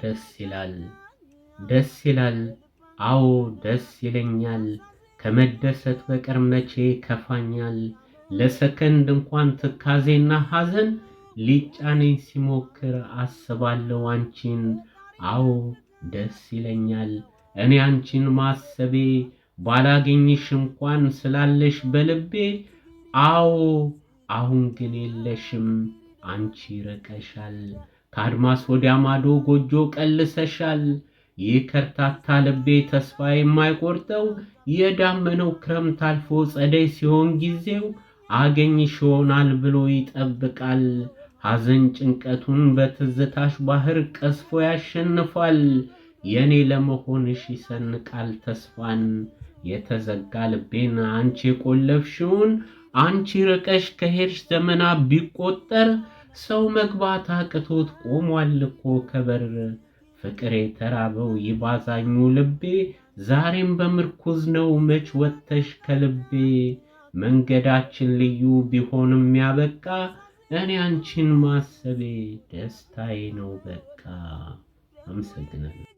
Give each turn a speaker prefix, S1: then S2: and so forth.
S1: ደስ ይላል። ደስ ይላል። አዎ ደስ ይለኛል። ከመደሰት በቀር መቼ ከፋኛል። ለሰከንድ እንኳን ትካዜና ሐዘን ሊጫነኝ ሲሞክር አስባለሁ አንቺን። አዎ ደስ ይለኛል። እኔ አንቺን ማሰቤ ባላገኝሽ እንኳን ስላለሽ በልቤ አዎ አሁን ግን የለሽም አንቺ ይርቀሻል። ከአድማስ ወዲያ ማዶ ጎጆ ቀልሰሻል። ይህ ከርታታ ልቤ ተስፋ የማይቆርጠው የዳመነው ክረምት አልፎ ጸደይ ሲሆን ጊዜው አገኝሽ ይሆናል ብሎ ይጠብቃል። ሐዘን ጭንቀቱን በትዝታሽ ባህር ቀስፎ ያሸንፋል። የኔ ለመሆንሽ ይሰንቃል ተስፋን የተዘጋ ልቤን አንቺ የቆለፍሽውን አንቺ ርቀሽ ከሄድሽ ዘመና ቢቆጠር ሰው መግባት አቅቶት ቆሟል እኮ ከበር ፍቅሬ ተራበው ይባዛኙ ልቤ ዛሬም በምርኩዝ ነው መች ወጥተሽ ከልቤ መንገዳችን ልዩ ቢሆንም ያበቃ እኔ አንቺን ማሰቤ ደስታዬ ነው በቃ። አመሰግናለሁ።